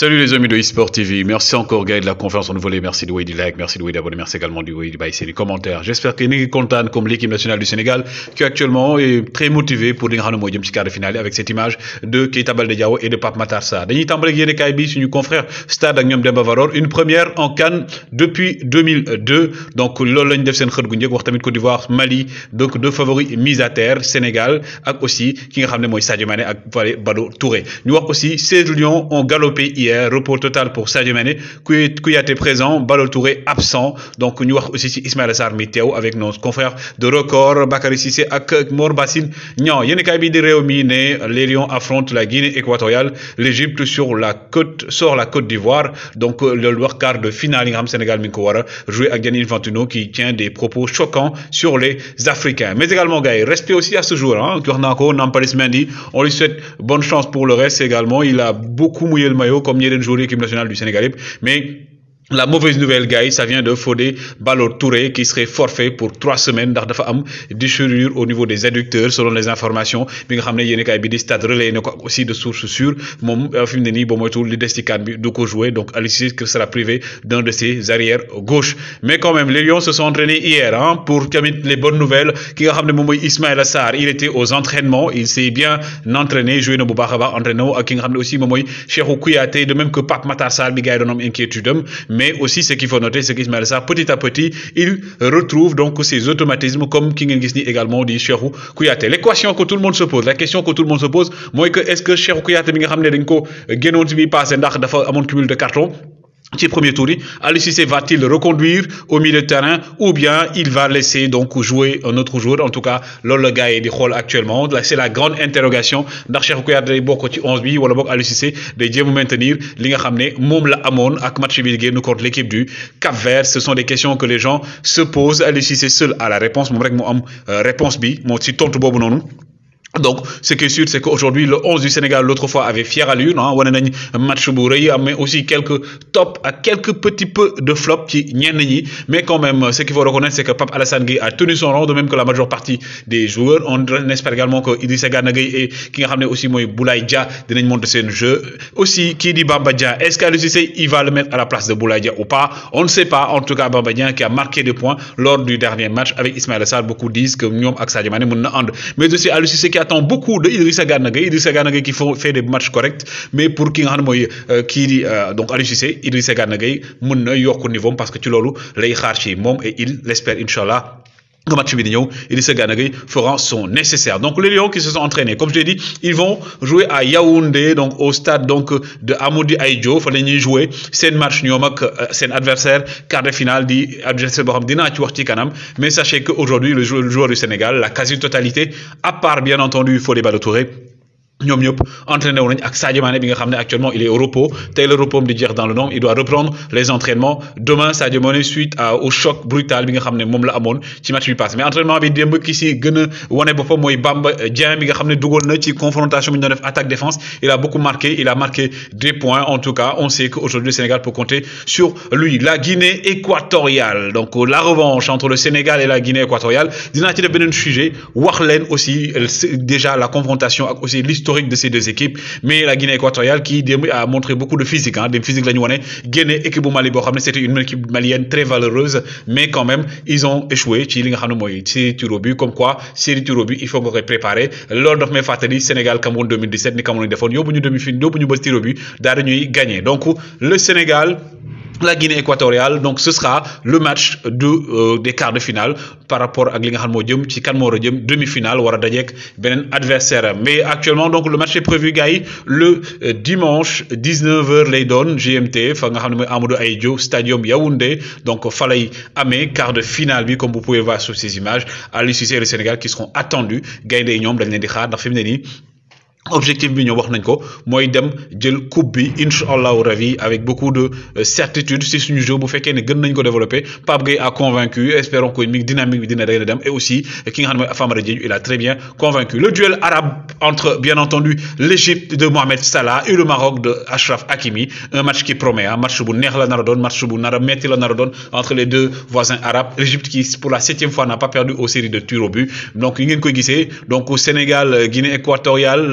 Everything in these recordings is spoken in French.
Salut les amis de eSport TV, merci encore Gaël de la confiance voler, merci de du like, merci de d'abonner, merci également du de du baisser les commentaires. J'espère que nous contente comme l'équipe nationale du Sénégal qui actuellement est très motivée pour les grands mots du quart de finale avec cette image de Keita Baldeyawo et de Pape Matarsa. Dañuy tambalé de kay bi confrère Stade ak une première en Cannes depuis 2002. Donc Lolo de def seen xët Côte d'Ivoire, Mali, donc deux favoris mis à terre, Sénégal aussi qui nga ramené moy Sadio à Valé Badou Touré. Nous wax aussi 16 lions ont galopé hier hier. Report total pour Sadio Mané. était présent, Balotouré absent. Donc nous avons aussi Ismaël Ismaïla avec nos confrères de record Bakary Sissé, ak Mor Bassine Niang yéen kay bi di les Lions affrontent la Guinée équatoriale l'Égypte sur la côte sort la Côte d'Ivoire donc le euh, leur quart de finale yi nga Sénégal mi ko qui tient des propos choquants sur les Africains mais également Gaï, respect aussi à ce jour hein. on lui souhaite bonne chance pour le reste également il a beaucoup mouillé le maillot comme yeneen joueurs équipe nationale du Sénégal mais la mauvaise nouvelle gars ça vient de Fodé Ballo-Touré qui serait forfait pour trois semaines ndax dafa am déchirure au niveau des adducteurs selon les informations bi nga xam ne yéen kaay bi di stade relais. aussi de sources sûres moom euh, fi mu ne nii boo moytuwul li ci CAN bi du jouer donc Aliou sera privé d'un de ses arrières gauche mais quand même les Lions se sont entraînés hier hein, pour tamit les bonnes nouvelles ki nga xam Ismaël Assar. il était aux entraînements il s'est bien entraîné joué na bu a entraîné ak nga aussi Momoy mooy Kouyaté de même que Pape Matar Sarr bi gars yi inquiétude mais aussi, ce qu'il faut noter, c'est qu'Ismaël Sarr, petit à petit, il retrouve donc ses automatismes, comme King Ngisni également dit Cherou Kouyaté. L'équation que tout le monde se pose, la question que tout le monde se pose, moi, est-ce que Cherou Kouyaté, Mingham nga xamné dañ ko un ci passé ndax cumul de carton du premier tour, Ali va-t-il reconduire au milieu de terrain ou bien il va laisser donc jouer un autre joueur En tout cas, l'Olga le gars est di xool actuellement c'est la grande interrogation Darcher, Cheikhou de Boko ci 11 bi wala boog Ali Cissé maintenir li nga xam ne moom la amoon ak match bi l'équipe du cap ce sont des questions que les gens se posent Ali seul à la réponse moom rek am euh, réponse bi moo ci tontu donc ce qui est sûr c'est qu'aujourd'hui le 11 du Sénégal l'autre fois avait fière allure On a un match bu ah, mais aussi quelques tops à quelques petits peu de flops qui mais quand même ce qu'il faut reconnaître c'est que Pape Alassane a tenu son rang de même que la majeure partie des joueurs on espère également que Idrissa et qui a ramené aussi moi Boulaye Dia jeu aussi qui dit Bambadia est-ce qu'Alassane il va le mettre à la place de Boulaye Dia ou pas on ne sait pas en tout cas Bambadia qui a marqué des points lors du dernier match avec Ismaël Sarr beaucoup disent que ak mais aussi qui a j'attends beaucoup de Idrissa Ganagé, Idrissa qui qui qui fait des matchs corrects mais pour qu'il nga xam qui euh, euh, donc Aliou Idrissa Ganagé, Gueye au niveau parce que tu loolu lay les mom, et il l'espère Inch'Allah et feront son nécessaire. Donc les Lions qui se sont entraînés, comme je l'ai dit, ils vont jouer à Yaoundé, donc au stade donc de Amoudi Aïdjo, fallait y jouer un match c'est ak euh, adversaire quart de finale di dina kanam, mais sachez qu'aujourd'hui le joueur, le joueur du Sénégal, la quasi-totalité à part bien entendu les Balotouré ñoom ñëpp entraîné wu nañ ak Sadio Mané bi nga xam actuellement il est au repos tey le repos di jeex dans le nom il doit reprendre les entraînements demain Sadio Mané suite à au choc brutal bi nga xam ne moom la amoon ci match bi passé mais entraînement bi démb ki si gën a wane boppam Bamba Dien, bi nga xam ne dugal na ci confrontation bi ñu doon def attaque défense il a beaucoup marqué il a marqué des points en tout cas on sait que aujourd'hui le Sénégal peut compter sur lui la Guinée équatoriale donc la revanche entre le Sénégal et la Guinée équatoriale dina ci def beneen sujet wax leen aussi déjà la confrontation ak aussi l'histoire historique de ces deux équipes mais la Guinée équatoriale qui a montré beaucoup de physique hein, physiques physique la ñu Guinée équipe Mali c'était une équipe malienne très valeureuse mais quand même ils ont échoué ci li comme quoi série tir il faut encore préparer Lors mes mes fatalités, Sénégal Cameroun 2017 ni Cameroun defoon yóbbu ñu demi-finale fin ñu ba gagné donc le Sénégal la Guinée équatoriale donc ce sera le match de euh, des quarts de finale par rapport à li Modium, demi-finale wara dajek un adversaire mais actuellement donc le match est prévu gars le euh, dimanche 19h lay GMT fa nga xam stadium Yaoundé donc Falay Amé, quart de finale bi comme vous pouvez voir sur ces images À l'ICC et le Sénégal qui seront attendus gaynde des dañ leen di xaar objectif bi ñu wax nañ ko mooy dem jël coupe bi incha ravi avec beaucoup de euh, certitude si suñu jeu bu fekkee ne gën nañ ko développer Pape a convaincu espérons que mi dynamique bi dina et aussi ki nga xam il a très bien convaincu le duel arabe entre bien entendu l'Égypte de Mohamed Salah et le Maroc de Ashraf Hakimi un match qui promet un hein. match bu neex la match bu metti la entre les deux voisins arabes l'Égypte qui pour la septième fois n'a pas perdu aux séries de tir au but donc au ngeen koy donc Sénégal Guinée équatoriale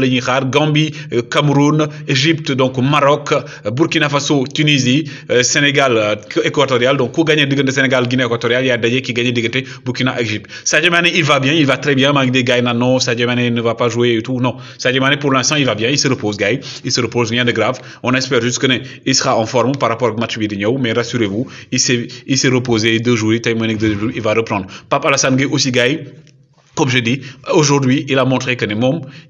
Gambie euh, Cameroun Égypte donc Maroc euh, Burkina Faso Tunisie euh, Sénégal équatorial donc qui gagner de Sénégal Guinée équatoriale qui qui qui gagne de Burkina Égypte Sadio il va bien il va très bien malgré des gars non Sadio ne va pas jouer et tout non Sadio pour l'instant il va bien il se repose gars il se repose rien de grave on espère juste qu'il il sera en forme par rapport au match de mais rassurez-vous il s'est il s'est reposé deux jours il va reprendre papa Alassane aussi gars comme je dis aujourd'hui il a montré que ne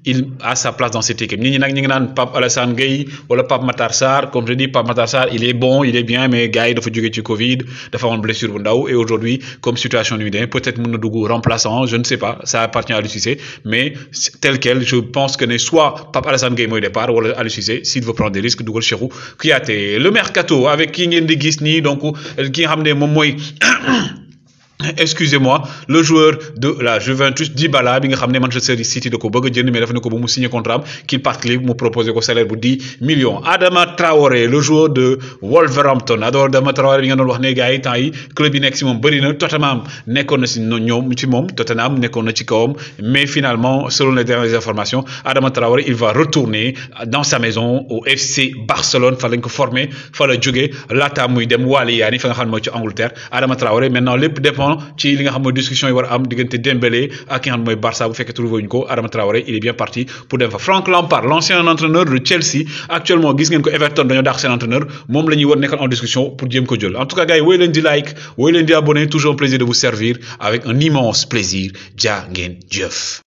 il a sa place dans cette équipe ñi ñi nag Pape Alassane Gueye wala Pape Matar Sarr comme je dis Pape Matar Sarr il est bon il est bien mais gars yi dafa jóge ci Covid dafa amoon blessure bu ndaw et aujourd'hui comme situation nuy peut-être mën na remplaçant je ne sais pas ça appartient à l'UCC. mais tel quel je pense que ne soit Pape Alassane Gueye au départ wala l'UCC, s'il veut prendre des risques qui a été le mercato avec ki ngeen di donc ki nga Momoi, excusez-moi le joueur de la Juventus Dybala bi nga xamné Manchester City da ko bëgg a jënd mais dafa ne ko mu signé contrat qu'il part libre mu proposer ko salaire bu 10 millions Adama Traoré le joueur de Wolverhampton Adama Traoré bi nga doon wax ne club yi nekk ci mom bëri na Tottenham n'est na si ñoom ci mom Tottenham nekkoon na ci kawam mais finalement selon les dernières informations Adama Traoré il va retourner dans sa maison au FC Barcelone fa lañ ko former fa la la ta muy dem Waliyaani fa nga xam ci Angleterre Adama Traoré maintenant les dépend noonu ci li nga xam mooy discussion yi war am diggante Dembélé ak ki nga xam mooy Barça bu fekkee trouvé wuñ ko Adama Traoré il est bien parti pour dem fa Frank Lampard l'ancien entraîneur de Chelsea actuellement gis ngeen ko Everton dañoo dàq seen entraîneur moom la ñuy war nekkal en discussion pour jéem ko jël en tout cas gars yi woy leen di like woy leen di abonné toujours un plaisir de vous servir avec un immense plaisir dia ngeen jëf